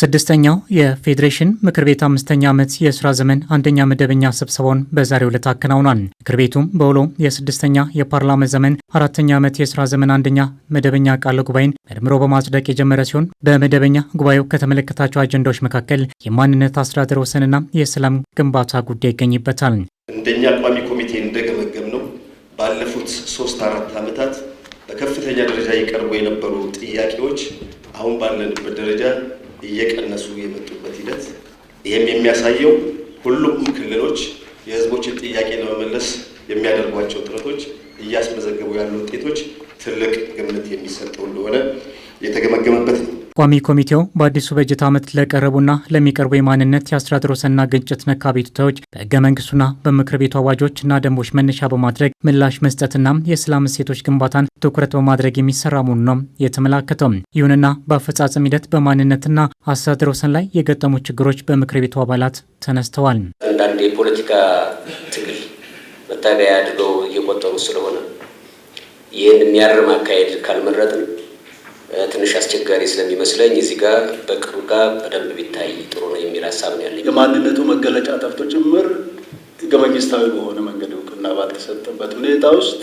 ስድስተኛው የፌዴሬሽን ምክር ቤት አምስተኛ ዓመት የስራ ዘመን አንደኛ መደበኛ ስብሰባውን በዛሬው ዕለት አከናውኗል። ምክር ቤቱም በውሎ የስድስተኛ የፓርላማ ዘመን አራተኛ ዓመት የስራ ዘመን አንደኛ መደበኛ ቃለ ጉባኤን መርምሮ በማጽደቅ የጀመረ ሲሆን በመደበኛ ጉባኤው ከተመለከታቸው አጀንዳዎች መካከል የማንነት አስተዳደር ወሰንና የሰላም ግንባታ ጉዳይ ይገኝበታል። እንደኛ ቋሚ ኮሚቴ እንደገመገም ነው ባለፉት ሶስት አራት ዓመታት በከፍተኛ ደረጃ ይቀርቡ የነበሩ ጥያቄዎች አሁን ባለንበት ደረጃ እየቀነሱ የመጡበት ሂደት ይህም የሚያሳየው ሁሉም ክልሎች የህዝቦችን ጥያቄ ለመመለስ የሚያደርጓቸው ጥረቶች እያስመዘገቡ ያሉ ውጤቶች ትልቅ ግምት የሚሰጠው እንደሆነ የተገመገመበት ቋሚ ኮሚቴው በአዲሱ በጀት ዓመት ለቀረቡና ለሚቀርቡ የማንነት የአስተዳደሮችና ግጭት ነክ አቤቱታዎች በህገ መንግስቱና በምክር ቤቱ እና ደንቦች መነሻ በማድረግ ምላሽ መስጠትና የሰላም እሴቶች ግንባታን ትኩረት በማድረግ የሚሰራ መሆኑ ነው የተመላከተው። ይሁንና በአፈጻጸም ሂደት በማንነትና አስተዳደር ወሰን ላይ የገጠሙ ችግሮች በምክር ቤቱ አባላት ተነስተዋል። አንዳንድ የፖለቲካ ትግል መታገያ አድርገው እየቆጠሩ ስለሆነ ይህን የሚያርም አካሄድ ካልመረጥን ትንሽ አስቸጋሪ ስለሚመስለኝ እዚህ ጋር በቅርብ ጋር በደንብ ቢታይ ጥሩ ነው የሚል ሀሳብ ነው ያለኝ። የማንነቱ መገለጫ ጠፍቶ ጭምር ህገ መንግስታዊ በሆነ መንገድ እውቅና ባልተሰጠበት ሁኔታ ውስጥ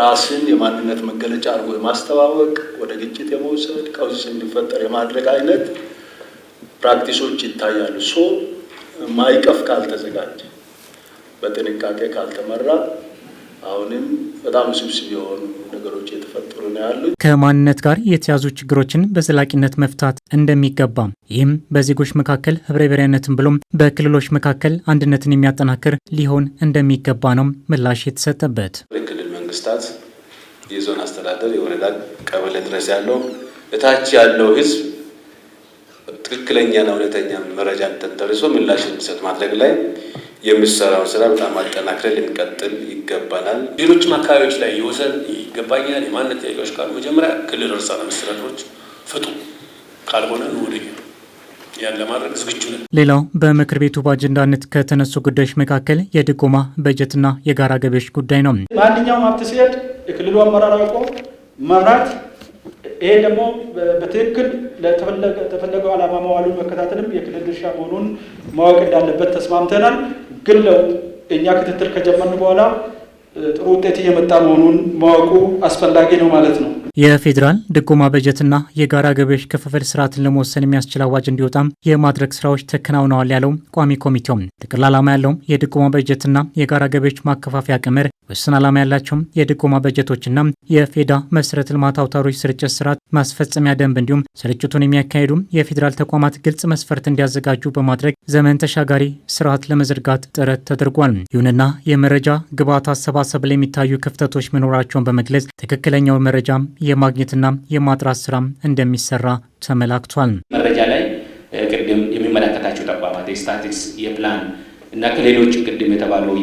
ራስን የማንነት መገለጫ አድርጎ የማስተዋወቅ ወደ ግጭት የመውሰድ ቀውስ እንዲፈጠር የማድረግ አይነት ፕራክቲሶች ይታያሉ። ሶ ማይቀፍ ካልተዘጋጀ፣ በጥንቃቄ ካልተመራ አሁንም በጣም ስብስብ የሆኑ ነገሮች የተፈጠሩ ነው ያሉ ከማንነት ጋር የተያዙ ችግሮችን በዘላቂነት መፍታት እንደሚገባም ይህም በዜጎች መካከል ህብረ ብሔራዊነትን ብሎም በክልሎች መካከል አንድነትን የሚያጠናክር ሊሆን እንደሚገባ ነው ምላሽ የተሰጠበት። ክልል መንግስታት፣ የዞን አስተዳደር፣ የወረዳ ቀበሌ ድረስ ያለው እታች ያለው ህዝብ ትክክለኛና እውነተኛ መረጃ ተንተርሶ ምላሽ እንዲሰጥ ማድረግ ላይ የምሰራው ስራ በጣም አጠናክረን ልንቀጥል ይገባናል። ሌሎችም አካባቢዎች ላይ የወሰን ይገባኛል፣ የማንነት ጥያቄዎች ካሉ መጀመሪያ ክልል ርዕሰ መስተዳድሮች ፍጡ፣ ካልሆነ ወደ ያን ለማድረግ ዝግጁ ነን። ሌላው በምክር ቤቱ በአጀንዳነት ከተነሱ ጉዳዮች መካከል የድጎማ በጀትና የጋራ ገቢዎች ጉዳይ ነው። ማንኛውም ሀብት ሲሄድ የክልሉ አመራር አውቆ መምራት ይሄ ደግሞ በትክክል ለተፈለገው ዓላማ መዋሉን መከታተልም የክልል ድርሻ መሆኑን ማወቅ እንዳለበት ተስማምተናል። ግን ለውጥ እኛ ክትትል ከጀመርን በኋላ ጥሩ ውጤት እየመጣ መሆኑን ማወቁ አስፈላጊ ነው ማለት ነው። የፌዴራል ድጎማ በጀትና የጋራ ገቢዎች ክፍፍል ስርዓትን ለመወሰን የሚያስችል አዋጅ እንዲወጣም የማድረግ ስራዎች ተከናውነዋል ያለው ቋሚ ኮሚቴው ጥቅል ዓላማ ያለው የድጎማ በጀትና የጋራ ገቢዎች ማከፋፈያ ቅምር ውስን ዓላማ ያላቸውም የድጎማ በጀቶችና የፌዳ መሰረተ ልማት አውታሮች ስርጭት ስርዓት ማስፈጸሚያ ደንብ እንዲሁም ስርጭቱን የሚያካሂዱ የፌዴራል ተቋማት ግልጽ መስፈርት እንዲያዘጋጁ በማድረግ ዘመን ተሻጋሪ ስርዓት ለመዘርጋት ጥረት ተደርጓል። ይሁንና የመረጃ ግብዓት አሰባሰብ ላይ የሚታዩ ክፍተቶች መኖራቸውን በመግለጽ ትክክለኛው መረጃም የማግኘትና የማጥራት ስራም እንደሚሰራ ተመላክቷል። መረጃ ላይ ቅድም የሚመለከታቸው ተቋማት የስታቲክስ፣ የፕላን እና ከሌሎች ቅድም የተባለው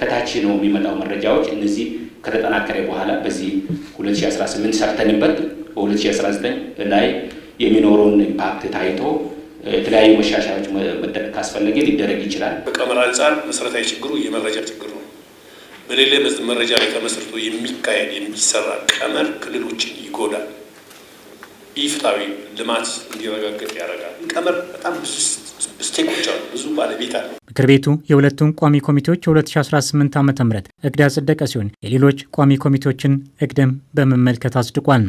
ከታች ነው የሚመጣው መረጃዎች እነዚህ ከተጠናከረ በኋላ በዚህ 2018 ሰርተንበት በ2019 ላይ የሚኖረውን ኢምፓክት ታይቶ የተለያዩ መሻሻያዎች መደረግ ካስፈለገ ሊደረግ ይችላል። በቀመር አንጻር መሰረታዊ ችግሩ የመረጃ ችግር ነው። በሌለ መረጃ ላይ ተመስርቶ የሚካሄድ የሚሰራ ቀመር ክልሎችን ይጎዳል፣ ኢፍትሐዊ ልማት እንዲረጋገጥ ያደርጋል። ቀመር በጣም ብዙ ስቴኮች አሉ፣ ብዙ ባለቤት አለ። ምክር ቤቱ የሁለቱን ቋሚ ኮሚቴዎች የ2018 ዓ ም እቅድ አጸደቀ ሲሆን የሌሎች ቋሚ ኮሚቴዎችን እቅድም በመመልከት አጽድቋል።